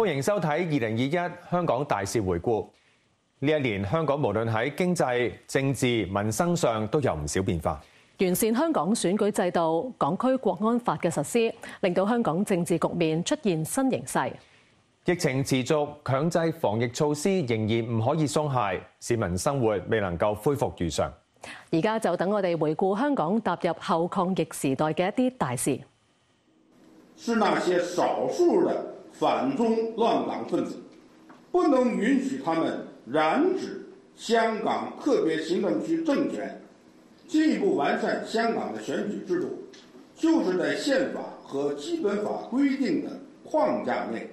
歡迎收睇二零二一香港大事回顧。呢一年香港無論喺經濟、政治、民生上都有唔少變化。完善香港選舉制度、港區國安法嘅實施，令到香港政治局面出現新形勢。疫情持續，強制防疫措施仍然唔可以鬆懈，市民生活未能夠恢復如常。而家就等我哋回顧香港踏入後抗疫時代嘅一啲大事。是那些少數人反中亂港分子不能允許他們染指香港特別行政區政權。進一步完善香港的選舉制度，就是在憲法和基本法規定的框架內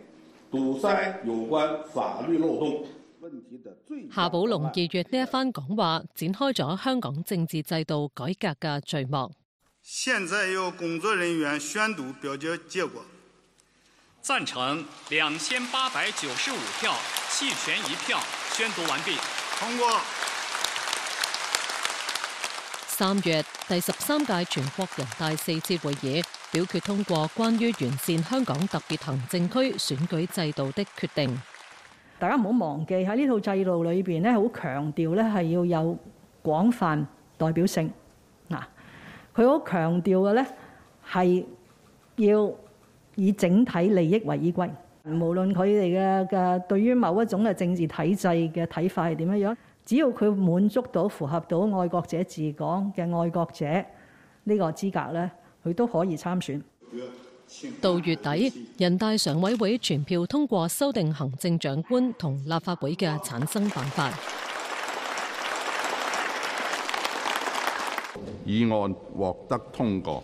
堵塞有關法律漏洞問題的最。夏寶龍二月呢一番講話，展開咗香港政治制度改革嘅序幕。現在由工作人員宣讀表決結果。贊成兩千八百九十五票，棄權一票，宣讀完畢，通過。三月第十三屆全國人大四次會議表決通過關於完善香港特別行政區選舉制度的決定。大家唔好忘記喺呢套制度裏邊咧，好強調咧係要有廣泛代表性。嗱，佢好強調嘅咧係要。以整體利益為依歸，無論佢哋嘅嘅對於某一種嘅政治體制嘅睇法係點樣樣，只要佢滿足到符合到愛國者治港嘅愛國者呢個資格，呢佢都可以參選。到月底，人大常委會全票通過修訂行政長官同立法會嘅產生辦法，議案獲得通過。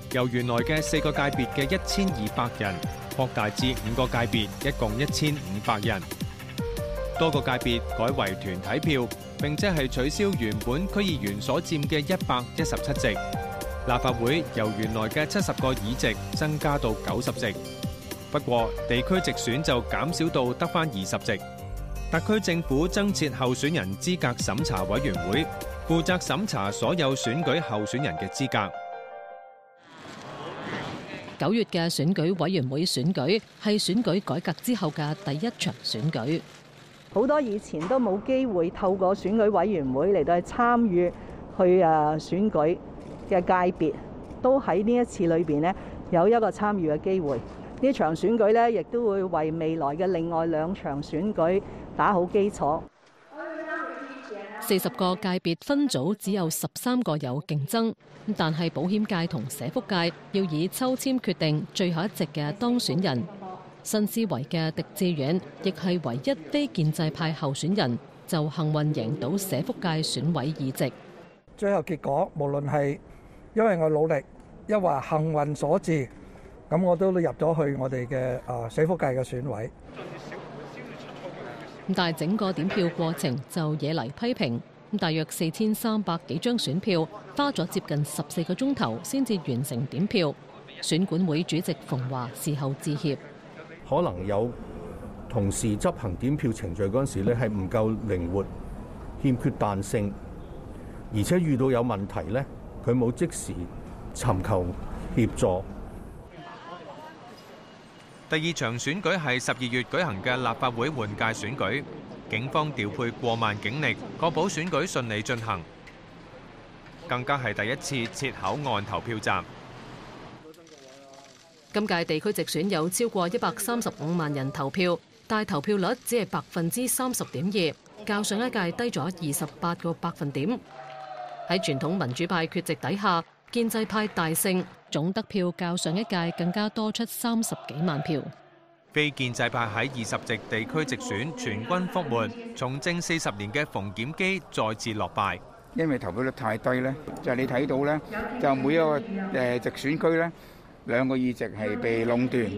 由原來嘅四個界別嘅一千二百人擴大至五個界別，一共一千五百人。多個界別改為團體票，並且係取消原本區議員所佔嘅一百一十七席。立法會由原來嘅七十個議席增加到九十席，不過地區直選就減少到得返二十席。特區政府增設候選人資格審查委員會，負責審查所有選舉候選人嘅資格。九月嘅選舉委員會選舉係選舉改革之後嘅第一場選舉，好多以前都冇機會透過選舉委員會嚟到去參與去誒選舉嘅界別，都喺呢一次裏面有一個參與嘅機會。呢場選舉呢，亦都會為未來嘅另外兩場選舉打好基礎。四十個界別分組只有十三個有競爭，但係保險界同社福界要以抽籤決定最後一席嘅當選人。新思維嘅狄志遠亦係唯一非建制派候選人，就幸運贏到社福界選委議席。最後結果無論係因為我努力，抑或幸運所致，咁我都入咗去我哋嘅啊社福界嘅選委。但係整個點票過程就惹嚟批評，大約四千三百幾張選票花咗接近十四個鐘頭先至完成點票。選管會主席馮驊事後致歉，可能有同事執行點票程序嗰陣時呢係唔夠靈活，欠缺彈性，而且遇到有問題呢，佢冇即時尋求協助。第二場選舉係十二月舉行嘅立法會換屆選舉，警方調配過萬警力，確保選舉順利進行，更加係第一次設口岸投票站。今屆地區直選有超過一百三十五萬人投票，但投票率只係百分之三十點二，較上一屆低咗二十八個百分點。喺傳統民主派缺席底下，建制派大勝。總得票較上一屆更加多出三十幾萬票。非建制派喺二十席地區直選全軍覆沒，從政四十年嘅馮檢基再次落敗，因為投票率太低咧。就係你睇到咧，就每一個誒直選區咧，兩個議席係被壟斷，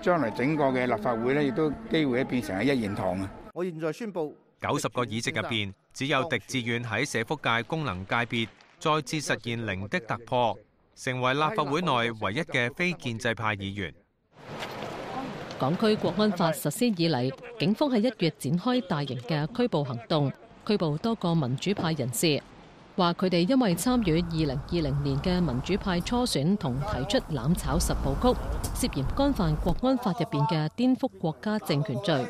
將來整個嘅立法會咧，亦都機會咧變成係一言堂啊！我現在宣布，九十個議席入邊，只有狄志遠喺社福界功能界別再次實現零的突破。成為立法會內唯一嘅非建制派議員。港區國安法實施以嚟，警方喺一月展開大型嘅拘捕行動，拘捕多個民主派人士，話佢哋因為參與二零二零年嘅民主派初選同提出攬炒十步曲，涉嫌干犯國安法入面嘅顛覆國家政權罪。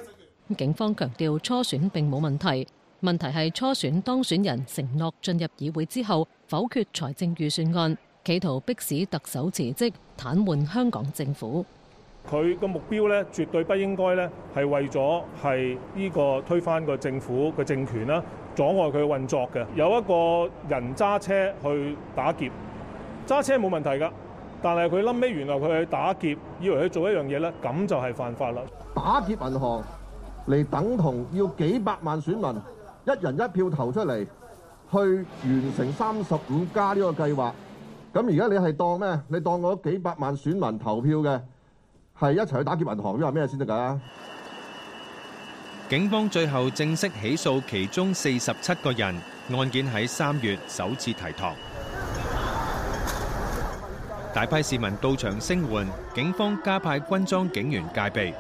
警方強調初選並冇問題，問題係初選當選人承諾進入議會之後否決財政預算案。企圖迫使特首辭職，癱瘓香港政府。佢個目標咧，絕對不應該咧，係為咗係呢個推翻個政府嘅政權啦，阻礙佢嘅運作嘅。有一個人揸車去打劫，揸車冇問題噶，但係佢諗尾，原來佢去打劫，以為去做一樣嘢咧，咁就係犯法啦。打劫銀行嚟等同要幾百萬選民一人一票投出嚟，去完成三十五加呢個計劃。咁而家你係當咩？你當嗰幾百萬選民投票嘅，係一齊去打劫銀行，因為咩先得噶？警方最後正式起訴其中四十七個人，案件喺三月首次提堂。大批市民到場聲援，警方加派軍裝警員戒備。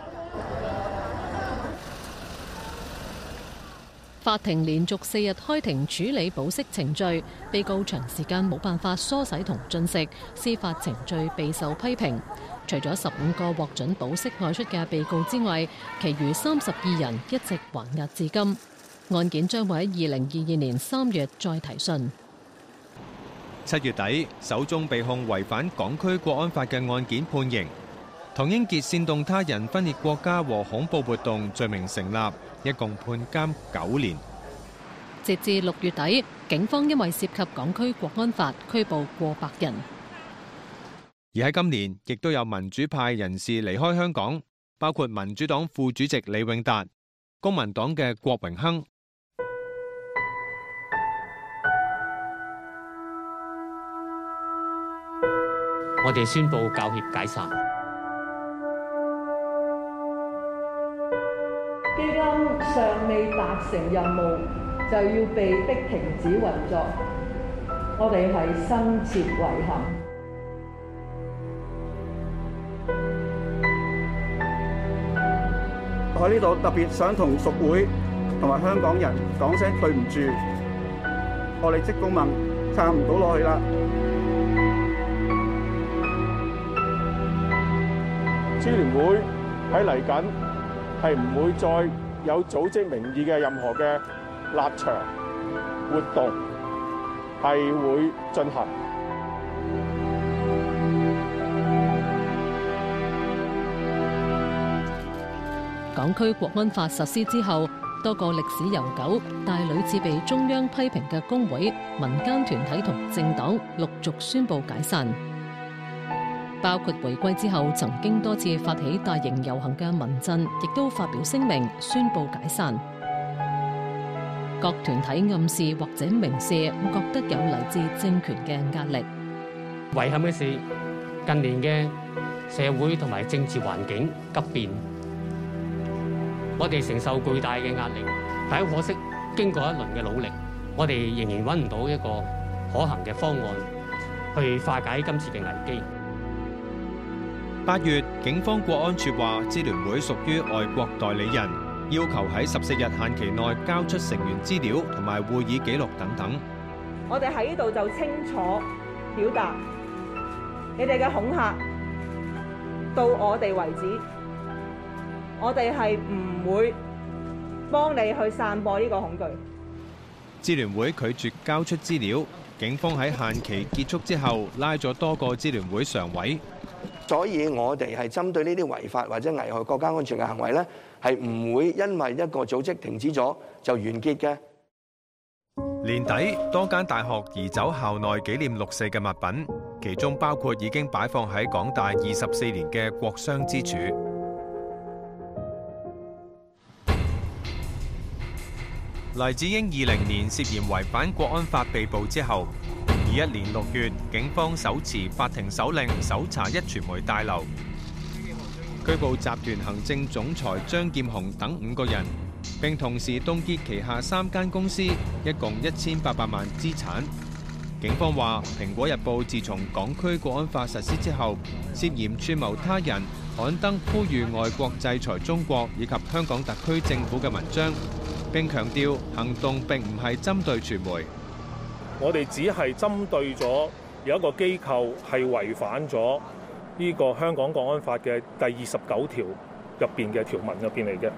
法庭連續四日開庭處理保釋程序，被告長時間冇辦法梳洗同進食，司法程序備受批評。除咗十五個獲准保釋外出嘅被告之外，其餘三十二人一直還押至今。案件將會喺二零二二年三月再提訊。七月底，首宗被控違反港區國安法嘅案件判刑。唐英傑煽動他人分裂國家和恐怖活動罪名成立，一共判監九年。截至六月底，警方因為涉及港區國安法，拘捕過百人。而喺今年，亦都有民主派人士離開香港，包括民主黨副主席李永達、公民黨嘅郭榮鏗。我哋宣布教協解散。尚未達成任務，就要被迫停止運作，我哋係深切遺憾。我喺呢度特別想同屬會同埋香港人講聲對唔住，我哋職工盟撐唔到落去啦。支聯會喺嚟緊係唔會再。有組織名義嘅任何嘅立場活動係會進行。港區國安法實施之後，多個歷史悠久但係屢次被中央批評嘅工會、民間團體同政黨陸續宣布解散。包括回歸之後，曾經多次發起大型遊行嘅民陣，亦都發表聲明宣布解散。各團體暗示或者明示，覺得有來自政權嘅壓力。遺憾嘅是，近年嘅社會同埋政治環境急變，我哋承受巨大嘅壓力。但係可惜，經過一輪嘅努力，我哋仍然搵唔到一個可行嘅方案去化解今次嘅危機。八月，警方國安處話，支聯會屬於外國代理人，要求喺十四日限期內交出成員資料同埋會議記錄等等。我哋喺呢度就清楚表達，你哋嘅恐吓到我哋為止，我哋係唔會幫你去散播呢個恐懼。支聯會拒絕交出資料，警方喺限期結束之後拉咗多個支聯會常委。所以，我哋係針對呢啲違法或者危害國家安全嘅行為呢，係唔會因為一個組織停止咗就完結嘅。年底多間大學移走校內紀念六四嘅物品，其中包括已經擺放喺港大二十四年嘅國殤之柱。黎智英二零年涉嫌違反國安法被捕之後，一年六月，警方手持法庭手令搜查壹傳媒大樓，拘捕集團行政總裁張劍雄等五個人，並同時凍結旗下三間公司一共一千八百萬資產。警方話，《蘋果日報》自從港區國安法實施之後，涉嫌串謀他人刊登呼籲外國制裁中國以及香港特區政府嘅文章，並強調行動並唔係針對傳媒。我哋只係針對咗有一個機構係違反咗呢個香港《國安法》嘅第二十九條入邊嘅條文入邊嚟嘅。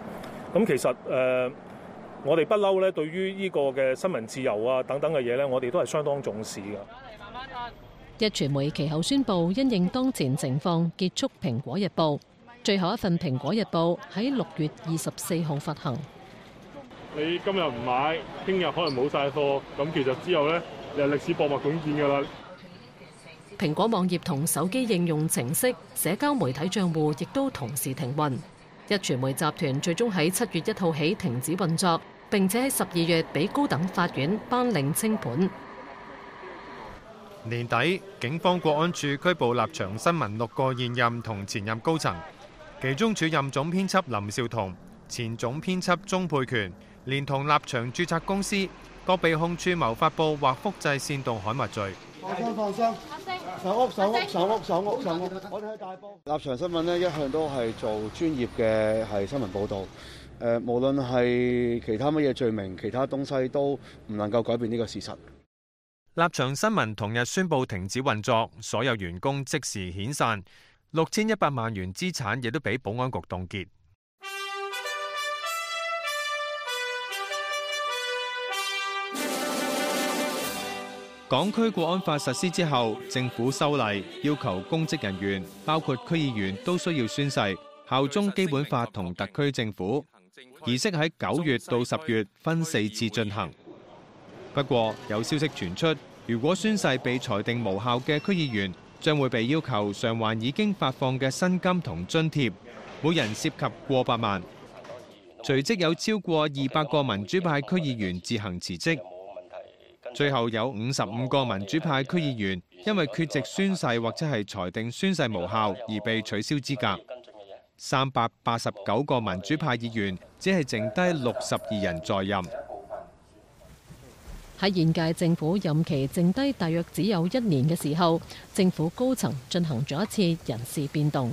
咁其實誒我哋不嬲咧，對於呢個嘅新聞自由啊等等嘅嘢咧，我哋都係相當重視嘅。壹傳媒其後宣布，因應當前情況結束《蘋果日報》，最後一份《蘋果日報》喺六月二十四號發行。你今日唔買，聽日可能冇晒貨，咁其實之後咧，就係歷史博物館見㗎啦。蘋果網頁同手機應用程式、社交媒體賬戶亦都同時停運。壹傳媒集團最終喺七月一號起停止運作，並且喺十二月俾高等法院頒令清盤。年底，警方國安處拘捕立場新聞六個現任同前任高層，其中署任總編輯林少彤、前總編輯鍾佩權。連同立場註冊公司，各被控串謀發布或複製煽動刊物罪。放心，放心，放屋手屋手屋手屋手屋我哋係大波。立場新聞咧，一向都係做專業嘅係新聞報道。誒，無論係其他乜嘢罪名，其他東西都唔能夠改變呢個事實。立場新聞同日宣布停止運作，所有員工即時遣散，六千一百萬元資產亦都俾保安局凍結。港區國安法實施之後，政府修例要求公職人員，包括區議員，都需要宣誓效忠基本法同特區政府。儀式喺九月到十月分四次進行。不過有消息傳出，如果宣誓被裁定無效嘅區議員，將會被要求償還已經發放嘅薪金同津貼，每人涉及過百萬。隨即有超過二百個民主派區議員自行辭職。最後有五十五個民主派區議員因為缺席宣誓或者係裁定宣誓無效而被取消資格，三百八十九個民主派議員只係剩低六十二人在任。喺現屆政府任期剩低大約只有一年嘅時候，政府高層進行咗一次人事變動。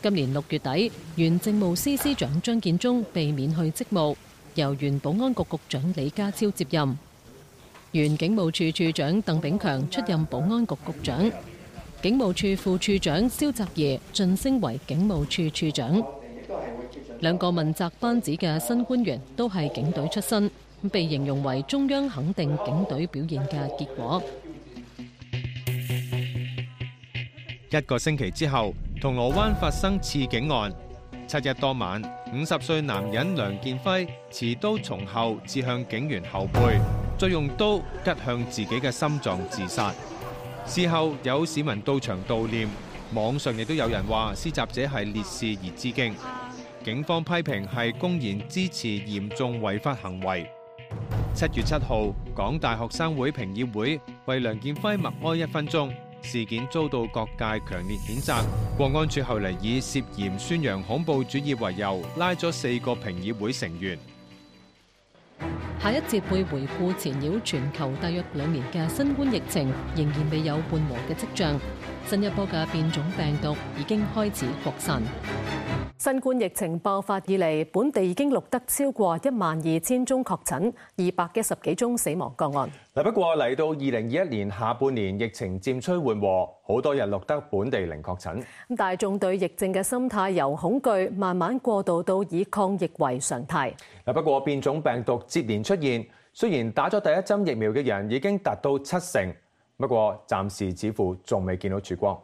今年六月底，原政務司司長張建宗被免去職務，由原保安局局長李家超接任。原警務處處長鄧炳強出任保安局局長，警務處副處長蕭澤頤晉升為警務處處長。兩個問責班子嘅新官員都係警隊出身，被形容為中央肯定警隊表現嘅結果。一個星期之後，銅鑼灣發生刺警案。七日當晚，五十歲男人梁健輝持刀從後刺向警員後背。再用刀吉向自己嘅心臟自殺。事後有市民到場悼念，網上亦都有人話施襲者係烈士而致敬。警方批評係公然支持嚴重違法行為。七月七號，港大學生會評議會為梁建輝默哀一分鐘。事件遭到各界強烈譴責。國安處後嚟以涉嫌宣揚恐怖主義為由，拉咗四個評議會成員。下一節會回顧纏繞全球大約兩年嘅新冠疫情，仍然未有緩和嘅跡象，新一波嘅變種病毒已經開始擴散。新冠疫情爆發以嚟，本地已經錄得超過一萬二千宗確診，二百一十幾宗死亡個案。嗱，不過嚟到二零二一年下半年，疫情漸趨緩和，好多日錄得本地零確診。咁大眾對疫症嘅心態由恐懼慢慢過渡到以抗疫為常態。嗱，不過變種病毒接連出現，雖然打咗第一針疫苗嘅人已經達到七成，不過暫時似乎仲未見到曙光。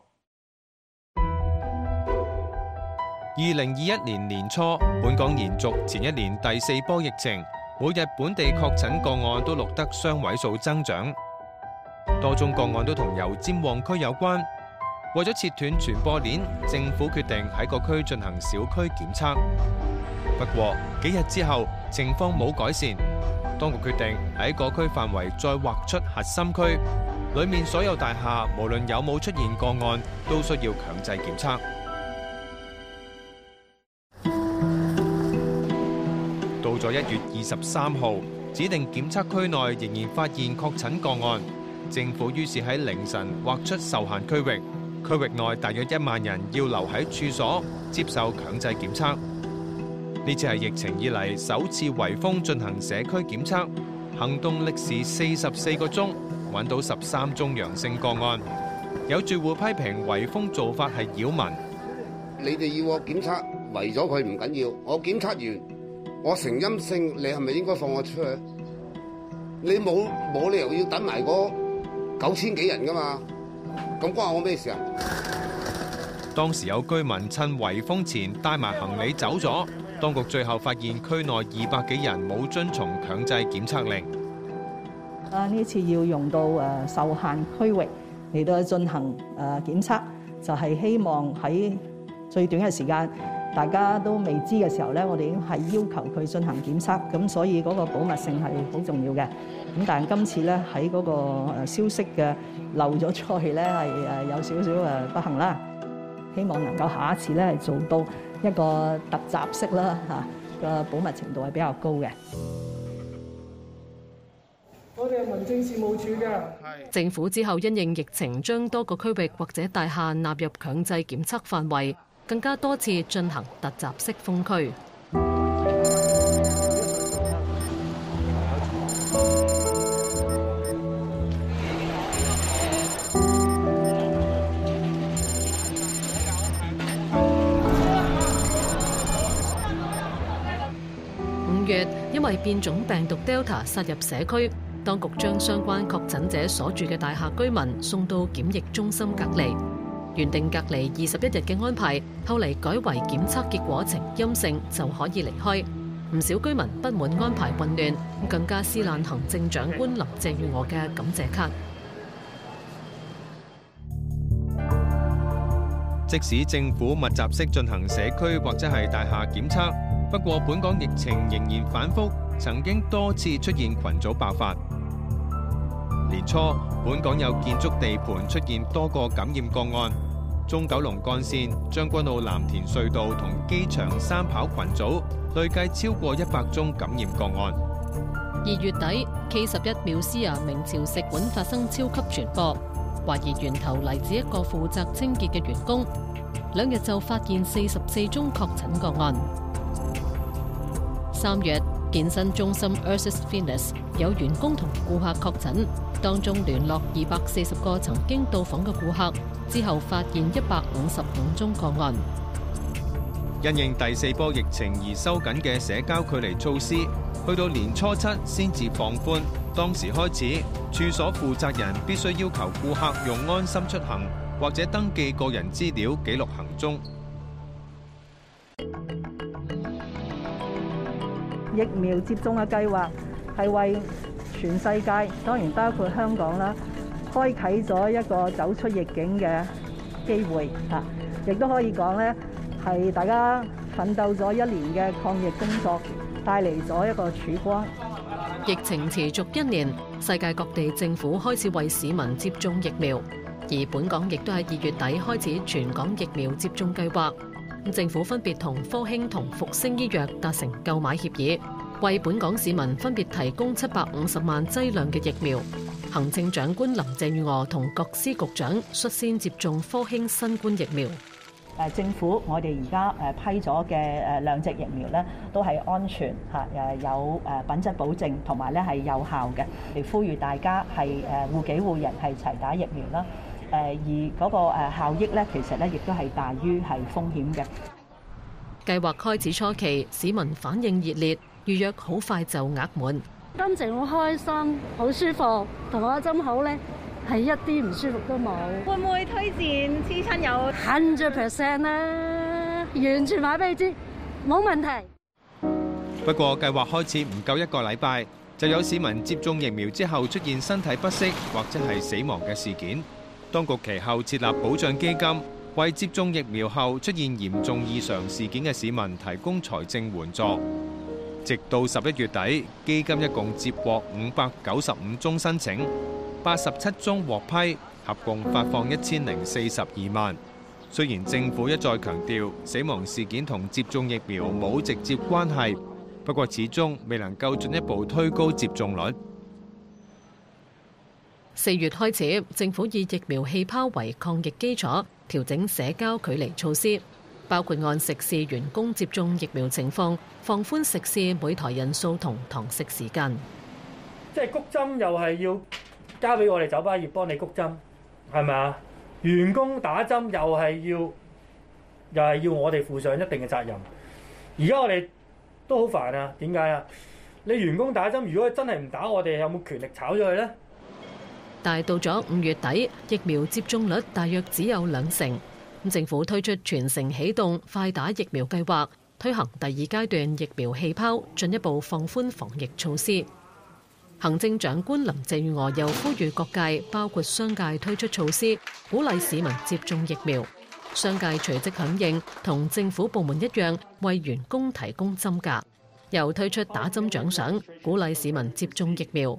二零二一年年初，本港延續前一年第四波疫情，每日本地確診個案都錄得雙位數增長，多宗個案都同油尖旺區有關。為咗切斷傳播鏈，政府決定喺個區進行小區檢測。不過幾日之後，情況冇改善，當局決定喺個區範圍再劃出核心區，裏面所有大廈無論有冇出現個案，都需要強制檢測。在一月二十三號，指定檢測區內仍然發現確診個案，政府於是喺凌晨劃出受限區域，區域內大約一萬人要留喺處所接受強制檢測。呢次係疫情以嚟首次圍封進行社區檢測，行動歷時四十四個鐘，搵到十三宗陽性個案。有住戶批評圍封做法係擾民，你哋要我檢測圍咗佢唔緊要，我檢測完。我成陰性，你係咪應該放我出去？你冇冇理由要等埋嗰九千幾人㗎嘛？咁關我咩事啊？當時有居民趁圍封前帶埋行李走咗，當局最後發現區內二百幾人冇遵從強制檢測令。啊！呢次要用到誒受限區域嚟到進行誒檢測，就係希望喺最短嘅時間，大家都未知嘅時候咧，我哋已經係要求佢進行檢測，咁所以嗰個保密性係好重要嘅。咁但係今次咧喺嗰個消息嘅漏咗出去咧，係誒有少少誒不幸啦。希望能夠下一次咧係做到一個突襲式啦嚇嘅保密程度係比較高嘅。我哋係民政事務處嘅。係。政府之後因應疫情，將多個區域或者大廈納入強制檢測範圍。更加多次進行突襲式封區。五月，因為變種病毒 Delta 殺入社區，當局將相關確診者所住嘅大廈居民送到檢疫中心隔離。原定隔離二十一日嘅安排，後嚟改為檢測結果呈陰性就可以離開。唔少居民不滿安排混亂，更加撕爛行政長官林鄭月娥嘅感謝卡。即使政府密集式進行社區或者係大廈檢測，不過本港疫情仍然反覆，曾經多次出現群組爆發。年初，本港有建築地盤出現多個感染個案，中九龍幹線、將軍澳藍田隧道同機場三跑群組累計超過一百宗感染個案。二月底，K 十一 MUSEA 名潮食館發生超級傳播，懷疑源頭嚟自一個負責清潔嘅員工，兩日就發現四十四宗確診個案。三月，健身中心 Ursus Fitness 有員工同顧客確診。當中聯絡二百四十個曾經到訪嘅顧客，之後發現一百五十五宗個案。因應第四波疫情而收緊嘅社交距離措施，去到年初七先至放寬。當時開始，處所負責人必須要求顧客用安心出行或者登記個人資料記錄行蹤。疫苗接種嘅計劃係為全世界當然包括香港啦，開啟咗一個走出逆境嘅機會啊，亦都可以講呢，係大家奮鬥咗一年嘅抗疫工作帶嚟咗一個曙光。疫情持續一年，世界各地政府開始為市民接種疫苗，而本港亦都喺二月底開始全港疫苗接種計劃。政府分別同科興同復星醫藥達成購買協議。為本港市民分別提供七百五十萬劑量嘅疫苗，行政長官林鄭月娥同各司局長率先接種科興新冠疫苗。誒，政府我哋而家誒批咗嘅誒兩隻疫苗咧，都係安全吓，又係有誒品質保證，同埋咧係有效嘅。嚟呼籲大家係誒護己護人係齊打疫苗啦。誒，而嗰個誒效益咧，其實咧亦都係大於係風險嘅。計劃開始初期，市民反應熱烈。預約好快就額滿，心情好開心，好舒服。同我針口呢，係一啲唔舒服都冇。會唔會推薦親友？Hundred percent 啦，完全話俾你知，冇問題。不過計劃開始唔夠一個禮拜，就有市民接種疫苗之後出現身體不適或者係死亡嘅事件。當局其後設立保障基金，為接種疫苗後出現嚴重異常事件嘅市民提供財政援助。直到十一月底，基金一共接獲五百九十五宗申請，八十七宗獲批，合共發放一千零四十二萬。雖然政府一再強調死亡事件同接種疫苗冇直接關係，不過始終未能夠進一步推高接種率。四月開始，政府以疫苗氣泡為抗疫基礎，調整社交距離措施。包括按食肆員工接種疫苗情況，放寬食肆每台人數同堂食時間。即係谷針又係要交俾我哋酒吧業幫你谷針，係咪啊？員工打針又係要，又係要我哋負上一定嘅責任。而家我哋都好煩啊！點解啊？你員工打針，如果真係唔打，我哋有冇權力炒咗佢呢？但係到咗五月底，疫苗接種率大約只有兩成。政府推出全城起動快打疫苗計劃，推行第二階段疫苗氣泡，進一步放寬防疫措施。行政長官林鄭月娥又呼籲各界，包括商界推出措施，鼓勵市民接種疫苗。商界隨即響應，同政府部門一樣，為員工提供針假，又推出打針獎賞，鼓勵市民接種疫苗。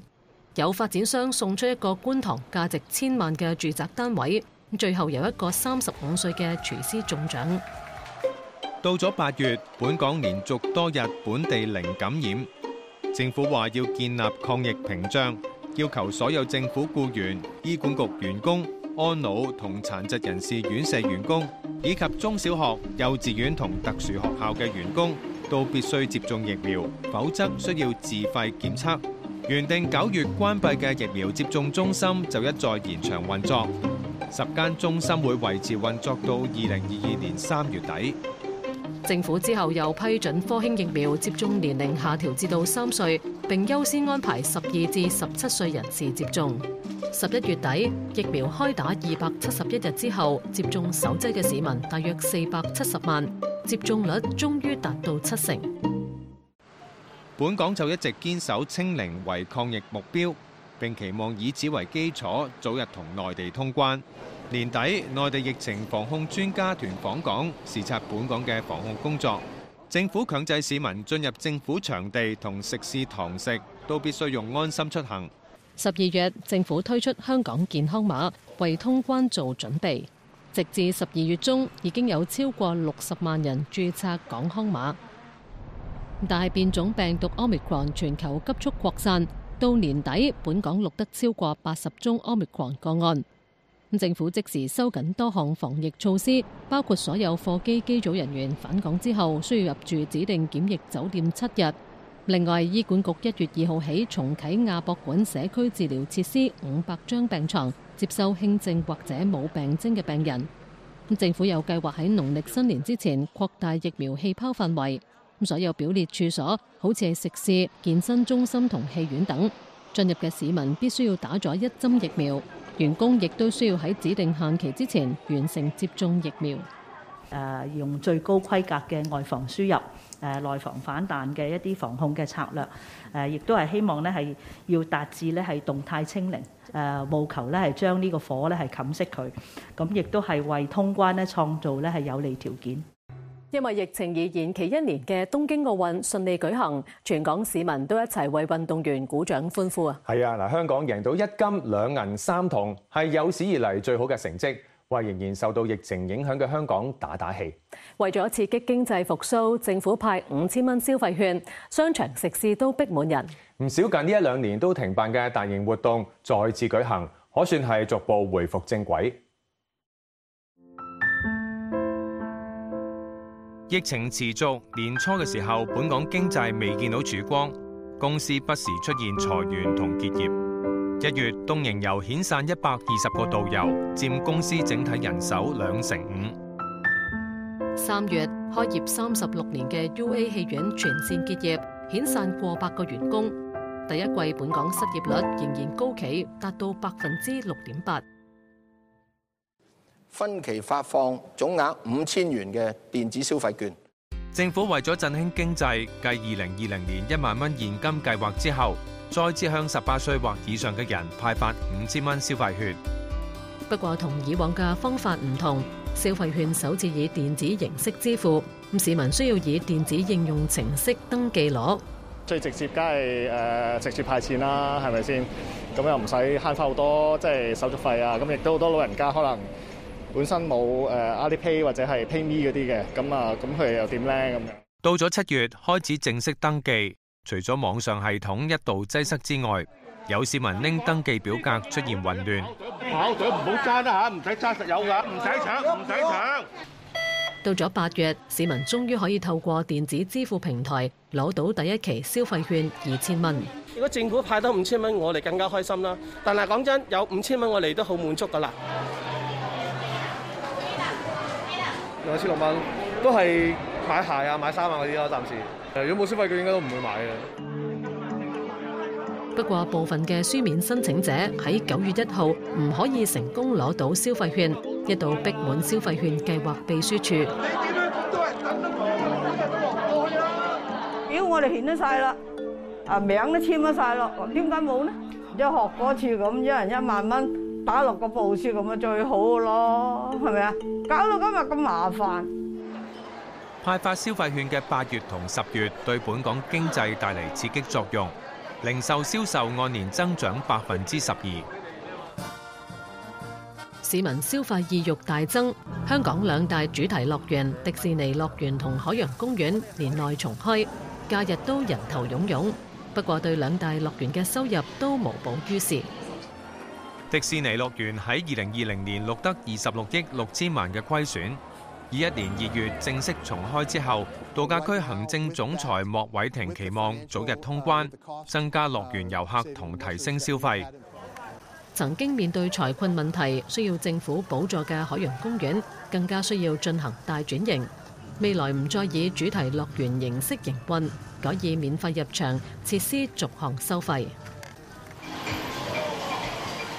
有發展商送出一個觀塘價值千萬嘅住宅單位。最後有一個三十五歲嘅廚師中獎。到咗八月，本港連續多日本地零感染，政府話要建立抗疫屏障，要求所有政府僱員、醫管局員工、安老同殘疾人士院舍員工以及中小學、幼稚園同特殊學校嘅員工都必須接種疫苗，否則需要自費檢測。原定九月關閉嘅疫苗接種中心就一再延長運作。十間中心會維持運作到二零二二年三月底。政府之後又批准科興疫苗接種年齡下調至到三歲，並優先安排十二至十七歲人士接種。十一月底疫苗開打二百七十一日之後，接種首劑嘅市民大約四百七十萬，接種率終於達到七成。本港就一直堅守清零為抗疫目標，並期望以此為基礎，早日同內地通關。年底內地疫情防控專家團訪港視察本港嘅防控工作。政府強制市民進入政府場地同食肆堂食都必須用安心出行。十二月政府推出香港健康碼，為通關做準備。直至十二月中，已經有超過六十萬人註冊港康碼。但變種病毒 Omicron 全球急速擴散。到年底，本港錄得超過八十宗 Omicron 個案。政府即時收緊多項防疫措施，包括所有貨機機組人員返港之後需要入住指定檢疫酒店七日。另外，醫管局一月二號起重啟亞博館社區治療設施五百張病床，接收輕症或者冇病徵嘅病人。政府又計劃喺農曆新年之前擴大疫苗氣泡範圍。所有表列處所，好似係食肆、健身中心同戲院等，進入嘅市民必須要打咗一針疫苗，員工亦都需要喺指定限期之前完成接種疫苗。誒，用最高規格嘅外防輸入、誒內防反彈嘅一啲防控嘅策略。誒，亦都係希望咧係要達至咧係動態清零。誒，務求咧係將呢個火咧係冚熄佢。咁亦都係為通關咧創造咧係有利條件。因為疫情而延期一年嘅東京奧運順利舉行，全港市民都一齊為運動員鼓掌歡呼啊！係啊，嗱，香港贏到一金兩銀三銅，係有史以嚟最好嘅成績，為仍然受到疫情影響嘅香港打打氣。為咗刺激經濟復甦，政府派五千蚊消費券，商場食肆都逼滿人。唔少近呢一兩年都停辦嘅大型活動再次舉行，可算係逐步回復正軌。疫情持續，年初嘅時候，本港經濟未見到曙光，公司不時出現裁員同結業。一月，東瀛遊遣散一百二十個導遊，佔公司整體人手兩成五。三月，開業三十六年嘅 UA 戲院全線結業，遣散過百個員工。第一季本港失業率仍然高企，達到百分之六點八。分期發放總額五千元嘅電子消費券。政府為咗振興經濟，繼二零二零年一萬蚊現金計劃之後，再次向十八歲或以上嘅人派發五千蚊消費券。不過同以往嘅方法唔同，消費券首次以電子形式支付。市民需要以電子應用程式登記。攞最直接，梗係誒直接派錢啦，係咪先？咁又唔使慳翻好多，即係手續費啊。咁亦都好多老人家可能。本身冇誒 Alipay 或者係 PayMe 嗰啲嘅，咁啊，咁佢又點咧咁樣？到咗七月開始正式登記，除咗網上系統一度擠塞之外，有市民拎登記表格出現混亂。跑獎唔好爭啦嚇，唔使爭實有㗎，唔使搶，唔使搶。到咗八月，市民終於可以透過電子支付平台攞到第一期消費券二千蚊。如果政府派多五千蚊，我哋更加開心啦。但係講真，有五千蚊我哋都好滿足㗎啦。兩千六蚊，都係買鞋啊、買衫啊嗰啲咯，暫時。誒，如果冇消費券，應該都唔會買嘅。不過，部分嘅書面申請者喺九月一號唔可以成功攞到消費券，一度逼滿消費券計劃秘書處。屌，我哋填得晒啦，啊、哎、名都簽得晒咯，點解冇呢？又學嗰次咁，一人一萬蚊。打落個報銷咁啊，最好嘅咯，係咪啊？搞到今日咁麻煩。派發消費券嘅八月同十月對本港經濟帶嚟刺激作用，零售銷售,售按年增長百分之十二，市民消費意欲大增。香港兩大主題樂園迪士尼樂園同海洋公園年內重開，假日都人頭湧湧。不過對兩大樂園嘅收入都無補於事。迪士尼樂園喺二零二零年錄得二十六億六千萬嘅虧損。二一年二月正式重開之後，度假區行政總裁莫偉霆期望早日通關，增加樂園遊客同提升消費。曾經面對財困問題，需要政府補助嘅海洋公園，更加需要進行大轉型。未來唔再以主題樂園形式營運，改以免費入場，設施逐項收費。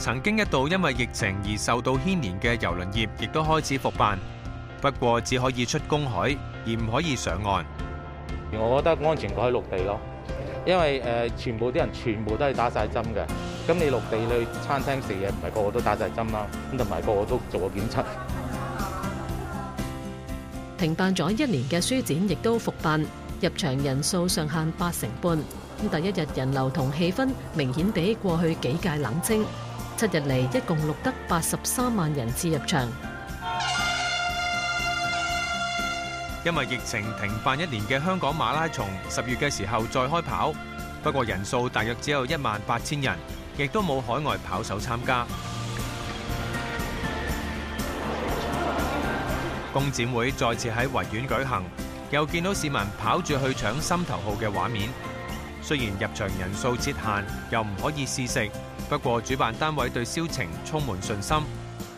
曾經一度因為疫情而受到牽連嘅郵輪業，亦都開始復辦，不過只可以出公海而唔可以上岸。我覺得安全過喺陸地咯，因為誒全部啲人全部都係打晒針嘅。咁你陸地去餐廳食嘢，唔係個個都打晒針啦，咁同埋個個都做過檢測。停辦咗一年嘅書展亦都復辦，入場人數上限八成半。咁第一日人流同氣氛明顯比過去幾屆冷清。七日嚟一共錄得八十三萬人次入場。因為疫情停辦一年嘅香港馬拉松，十月嘅時候再開跑，不過人數大約只有一萬八千人，亦都冇海外跑手參加。工展會再次喺維園舉行，又見到市民跑住去搶心頭號嘅畫面。雖然入場人數設限，又唔可以試食，不過主辦單位對銷情充滿信心，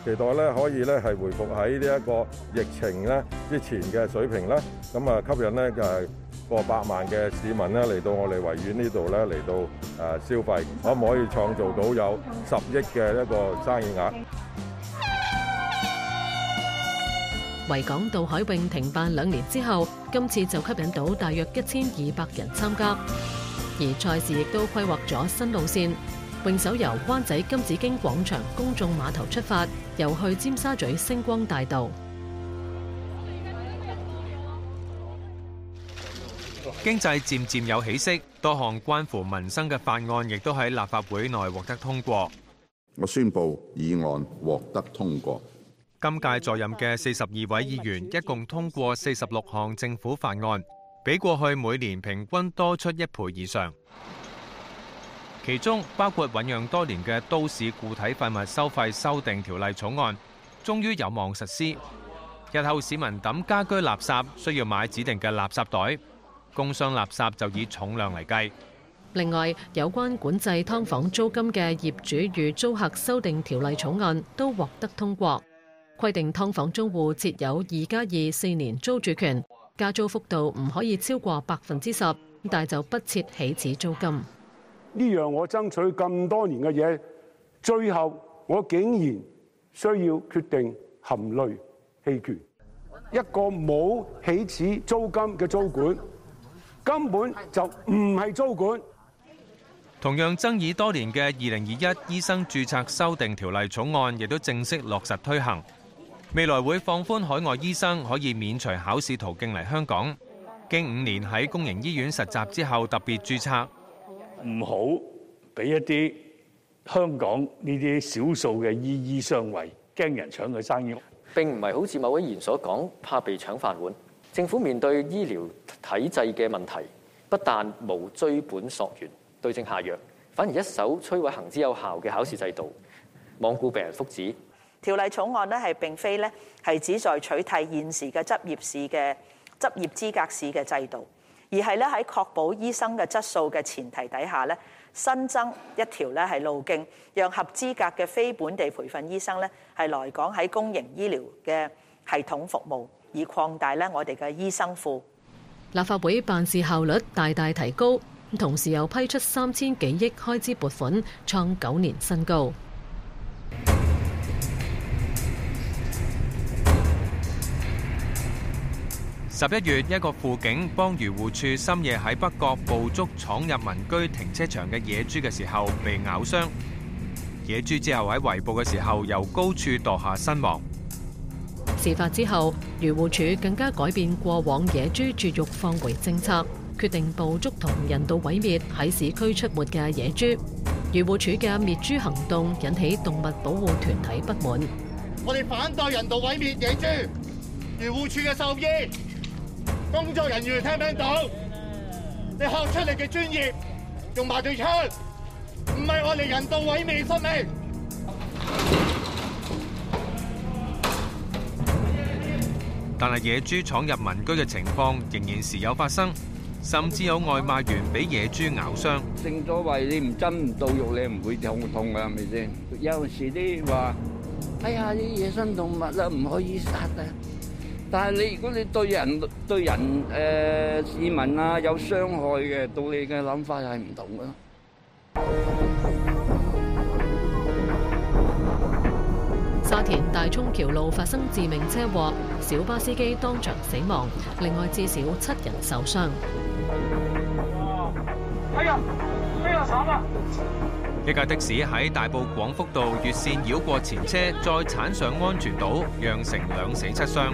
期待咧可以咧係回復喺呢一個疫情咧之前嘅水平啦。咁啊，吸引咧就係過百萬嘅市民咧嚟到我哋維園呢度咧嚟到誒消費，可唔可以創造到有十億嘅一個生意額？維港渡海泳停辦兩年之後，今次就吸引到大約一千二百人參加。而賽事亦都規劃咗新路線，泳手由灣仔金紫荊廣場公眾碼頭出發，游去尖沙咀星光大道。經濟漸漸有起色，多項關乎民生嘅法案亦都喺立法會內獲得通過。我宣布議案獲得通過。今屆在任嘅四十二位議員，一共通過四十六項政府法案。比過去每年平均多出一倍以上，其中包括醞釀多年嘅都市固體廢物收費修訂條例草案，終於有望實施。日後市民抌家居垃圾需要買指定嘅垃圾袋，工商垃圾就以重量嚟計。另外，有關管制㓥房租金嘅業主與租客修訂條例草案都獲得通過，規定㓥房租戶設有二加二四年租住權。加租幅度唔可以超過百分之十，但就不設起始租金。呢樣我爭取咁多年嘅嘢，最後我竟然需要決定含淚棄權。一個冇起始租金嘅租管，根本就唔係租管。同樣爭議多年嘅二零二一醫生注冊修訂條例草案，亦都正式落實推行。未來會放寬海外醫生可以免除考試途徑嚟香港，經五年喺公營醫院實習之後特別註冊，唔好俾一啲香港呢啲少數嘅醫醫相圍驚人搶佢生意。並唔係好似某位言所講，怕被搶飯碗。政府面對醫療體制嘅問題，不但無追本溯源、對症下藥，反而一手摧毀行之有效嘅考試制度，罔顧病人福祉。條例草案呢係並非呢，係旨在取替現時嘅執業試嘅執業資格試嘅制度，而係呢，喺確保醫生嘅質素嘅前提底下呢，新增一條呢係路徑，讓合資格嘅非本地培訓醫生呢，係來港喺公營醫療嘅系統服務，以擴大呢我哋嘅醫生庫。立法會辦事效率大大提高，同時又批出三千幾億開支撥款，創九年新高。十一月，一個輔警幫漁護署深夜喺北角捕捉闖入民居停車場嘅野豬嘅時候被咬傷，野豬之後喺圍捕嘅時候由高處墮下身亡。事發之後，漁護署更加改變過往野豬絕育放回政策，決定捕捉同人道毀滅喺市區出沒嘅野豬。漁護署嘅滅豬行動引起動物保護團體不滿。我哋反對人道毀滅野豬，漁護署嘅獸醫。工作人員聽唔聽到？你學出嚟嘅專業用麻醉槍，唔係我哋人道毀滅生命。但係野豬闖入民居嘅情況仍然時有發生，甚至有外賣員俾野豬咬傷。正所謂你唔針唔到肉，你唔會痛痛㗎，係咪先？有時啲話，哎呀啲野生動物啦，唔可以殺啊！但係你如果你對人對人誒市民啊有傷害嘅，到你嘅諗法又係唔同噶。沙田大涌橋路發生致命車禍，小巴司機當場死亡，另外至少七人受傷。哎呀！邊個鏟啊？一架的士喺大埔廣福道越線繞過前車，再鏟上安全島，釀成兩死七傷。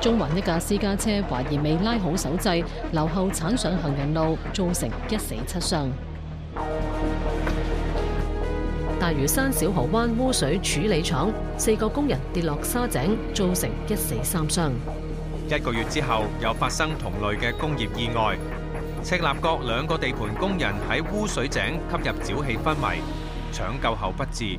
中環一架私家車懷疑未拉好手掣，留後鏟上行人路，造成一死七傷。大嶼山小河灣污水處理廠四個工人跌落沙井，造成一死三傷。一個月之後，又發生同類嘅工業意外，赤鱲角兩個地盤工人喺污水井吸入沼氣昏迷，搶救後不治。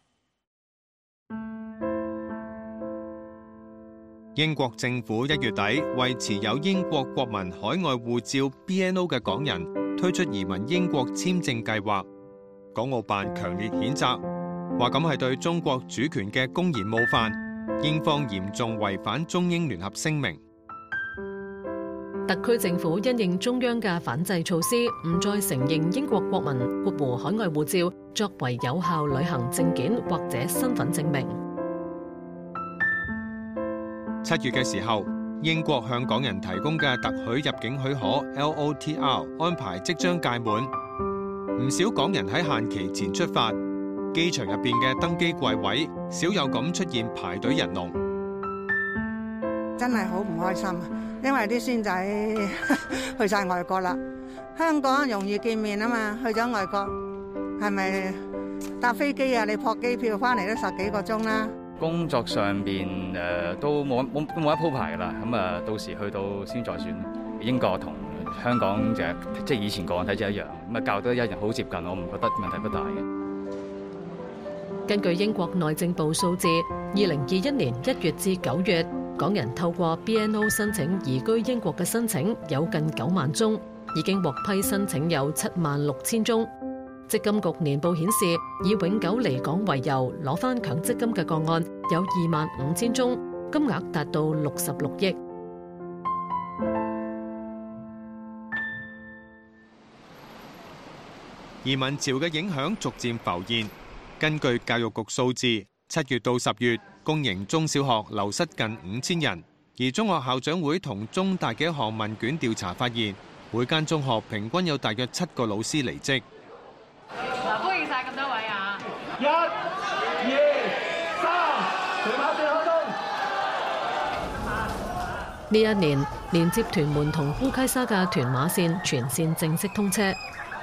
英國政府一月底為持有英國國民海外護照 （BNO） 嘅港人推出移民英國簽證計劃，港澳辦強烈譴責，話咁係對中國主權嘅公然冒犯，英方嚴重違反中英聯合聲明。特區政府因應中央嘅反制措施，唔再承認英國國民豁護照海外護照作為有效旅行證件或者身份證明。七月嘅時候，英國向港人提供嘅特許入境許可 （LOTR） 安排即將屆滿，唔少港人喺限期前出發，機場入邊嘅登機櫃位少有咁出現排隊人龍。真係好唔開心啊！因為啲孫仔去晒外國啦，香港容易見面啊嘛，去咗外國係咪搭飛機啊？你撲機票翻嚟都十幾個鐘啦。工作上邊誒、呃、都冇冇冇一鋪牌啦，咁、嗯、啊到時去到先再算。英國同香港就即、是、係、就是、以前個問題就一樣，咁啊教得一樣好接近，我唔覺得問題不大嘅。根據英國內政部數字，二零二一年一月至九月，港人透過 BNO 申請移居英國嘅申請有近九萬宗，已經獲批申請有七萬六千宗。積金局年報顯示，以永久離港為由攞翻強積金嘅個案有二萬五千宗，金額達到六十六億。移民潮嘅影響逐漸浮現。根據教育局數字，七月到十月，公營中小學流失近五千人。而中學校長會同中大嘅一項問卷調查發現，每間中學平均有大約七個老師離職。嗱，歡迎晒咁多位啊！一、二、三，屯馬線開通。呢一年連接屯門同烏溪沙嘅屯馬線全線正式通車，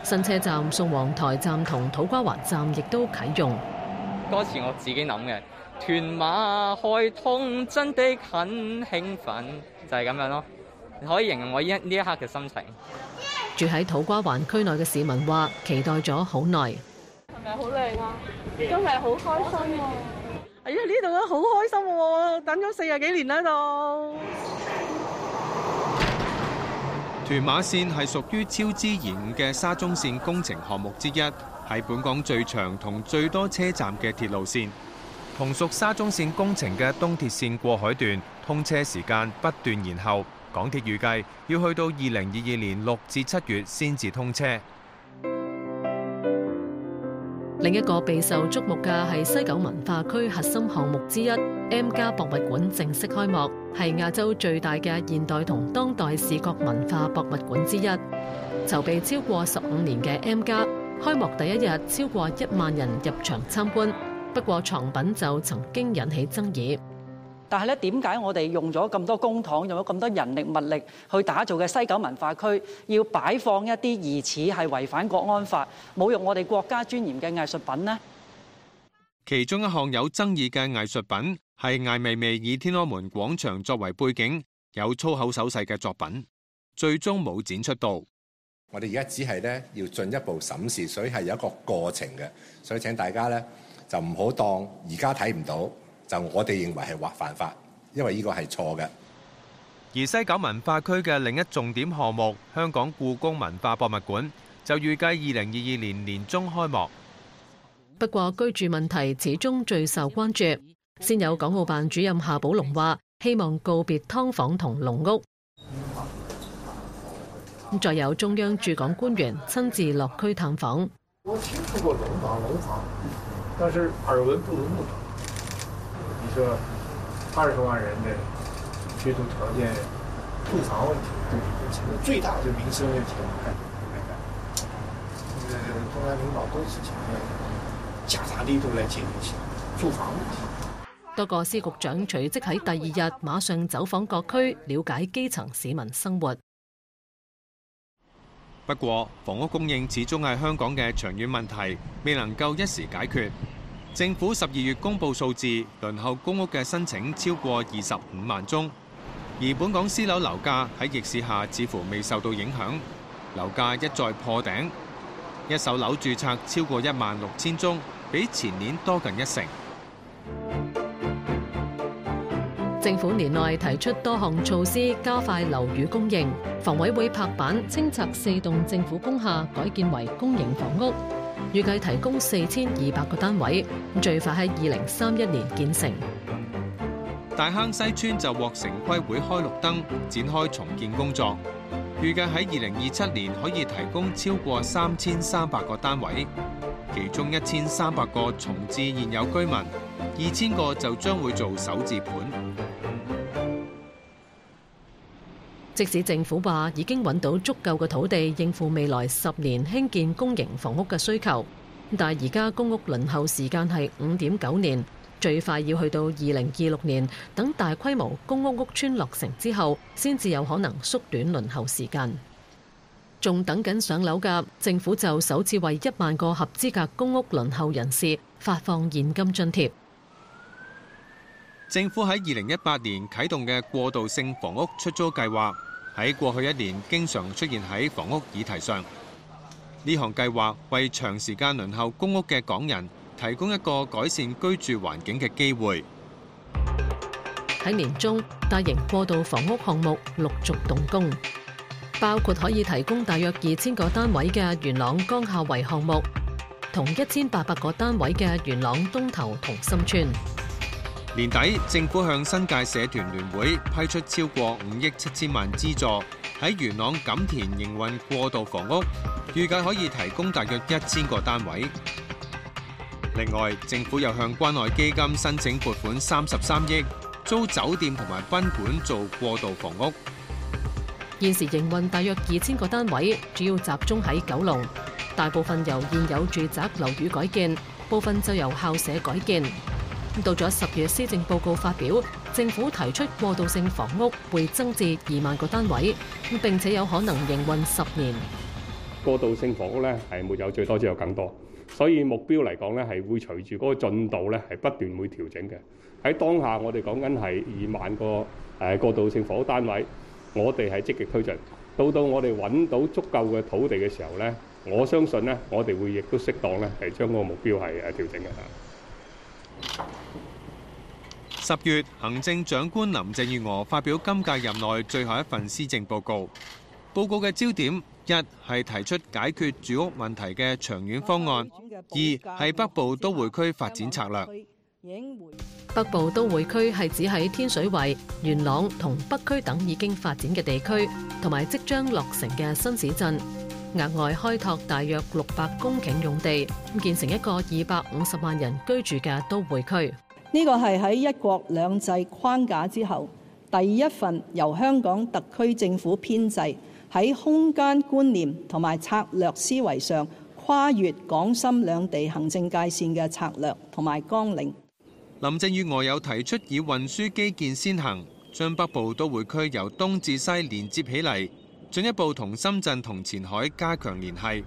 新車站宋皇臺站同土瓜灣站亦都啟用。歌詞我自己諗嘅，屯馬開通真的很興奮，就係、是、咁樣咯。你可以形容我一呢一刻嘅心情。住喺土瓜灣區內嘅市民話，期待咗好耐，係咪好靚啊？真係好開心啊！哎呀，呢度都好開心啊！等咗四十幾年啦，度屯馬線係屬於超支延誤嘅沙中線工程項目之一，係本港最長同最多車站嘅鐵路線。同屬沙中線工程嘅東鐵線過海段通車時間不斷延後。港鐵預計要去到二零二二年六至七月先至通車。另一個備受矚目嘅係西九文化區核心項目之一 M+ 博物館正式開幕，係亞洲最大嘅現代同當代視覺文化博物館之一。籌備超過十五年嘅 M+，開幕第一日，超過一萬人入場參觀。不過藏品就曾經引起爭議。但係咧，點解我哋用咗咁多公帑，用咗咁多人力物力去打造嘅西九文化區，要擺放一啲疑似係違反國安法、侮辱我哋國家尊嚴嘅藝術品呢？其中一項有爭議嘅藝術品係艾未未以天安門廣場作為背景、有粗口手勢嘅作品，最終冇展出到。我哋而家只係咧要進一步審視，所以係有一個過程嘅，所以請大家咧就唔好當而家睇唔到。就我哋認為係違犯法，因為呢個係錯嘅。而西九文化區嘅另一重點項目香港故宮文化博物館就預計二零二二年年中開幕。不過居住問題始終最受關注，先有港澳辦主任夏寶龍話希望告別劏房同籠屋，再有中央駐港官員親自落區探訪。不過說二十萬人的居住條件，住房問題，最大嘅民生問題。個加大力度來解決住房問題、嗯。多個司局長隨即喺第二日馬上走訪各區，了解基層市民生活。不過，房屋供應始終係香港嘅長遠問題，未能夠一時解決。政府十二月公布數字，輪候公屋嘅申請超過二十五萬宗，而本港私樓樓價喺逆市下似乎未受到影響，樓價一再破頂，一手樓註冊超過一萬六千宗，比前年多近一成。政府年內提出多項措施，加快樓宇供應，房委會拍板清拆四棟政府工廈，改建為公營房屋。預計提供四千二百個單位，最快喺二零三一年建成。大坑西村就獲城規會開綠燈，展開重建工作，預計喺二零二七年可以提供超過三千三百個單位，其中一千三百個重置現有居民，二千個就將會做首置盤。即使政府話已經揾到足夠嘅土地應付未來十年興建公營房屋嘅需求，咁但係而家公屋輪候時間係五點九年，最快要去到二零二六年，等大規模公屋屋邨落成之後，先至有可能縮短輪候時間。仲等緊上樓嘅，政府就首次為一萬個合資格公屋輪候人士發放現金津貼。政府喺二零一八年啟動嘅過渡性房屋出租計劃，喺過去一年，經常出現喺房屋議題上。呢項計劃為長時間輪候公屋嘅港人提供一個改善居住環境嘅機會。喺年中，大型過渡房屋項目陸續動工，包括可以提供大約二千個單位嘅元朗江夏圍項目，同一千八百個單位嘅元朗東頭同心村。年底，政府向新界社團聯會批出超過五億七千萬資助，喺元朗錦田營運過渡房屋，預計可以提供大約一千個單位。另外，政府又向關愛基金申請撥款三十三億，租酒店同埋賓館做過渡房屋。現時營運大約二千個單位，主要集中喺九龍，大部分由現有住宅樓宇改建，部分就由校舍改建。到咗十月，施政報告發表，政府提出過渡性房屋會增至二萬個單位，並且有可能營運十年。過渡性房屋咧係沒有，最多只有更多，所以目標嚟講咧係會隨住嗰個進度咧係不斷會調整嘅。喺當下我哋講緊係二萬個誒過渡性房屋單位，我哋係積極推進。到到我哋搵到足夠嘅土地嘅時候咧，我相信咧我哋會亦都適當咧係將嗰個目標係誒調整嘅吓。十月，行政長官林鄭月娥發表今屆任內最後一份施政報告。報告嘅焦點一係提出解決住屋問題嘅長遠方案；二係北部都會區發展策略。北部都會區係指喺天水圍、元朗同北區等已經發展嘅地區，同埋即將落成嘅新市鎮，額外開拓大約六百公頃用地，建成一個二百五十萬人居住嘅都會區。呢個係喺一國兩制框架之後，第一份由香港特區政府編制，喺空間觀念同埋策略思維上跨越港深兩地行政界綫嘅策略同埋綱領。林鄭月娥有提出以運輸基建先行，將北部都會區由東至西連接起嚟，進一步同深圳同前海加強聯繫，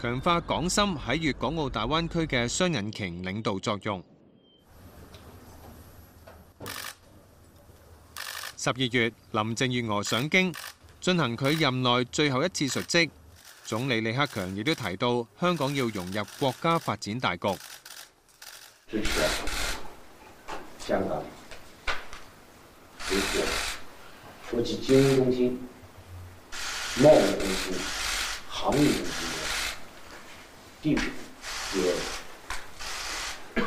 強化港深喺粵港澳大灣區嘅雙引擎領導作用。十二月，林鄭月娥上京進行佢任內最後一次述職，總理李克強亦都提到香港要融入國家發展大局，支持香港國際金融中心、貿易中心、航運中心、地平和，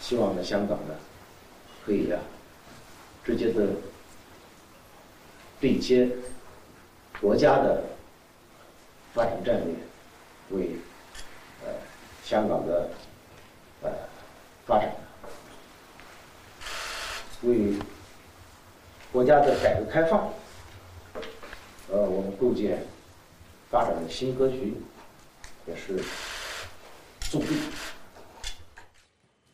希望呢香港呢可以啊直接對接國家的發展戰略，為香港的發展，為國家的改革開放呃，我們構建發展的新格局，也是助力。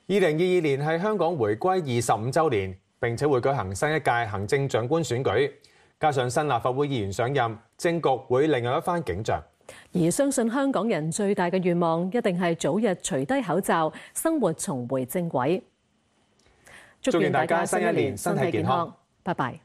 二零二二年是香港回歸二十五周年，並且會舉行新一屆行政長官選舉。加上新立法會議員上任，政局會另外一番景象。而相信香港人最大嘅願望，一定係早日除低口罩，生活重回正軌。祝願大家新一年，新一年，身體健康，身體健康，拜拜。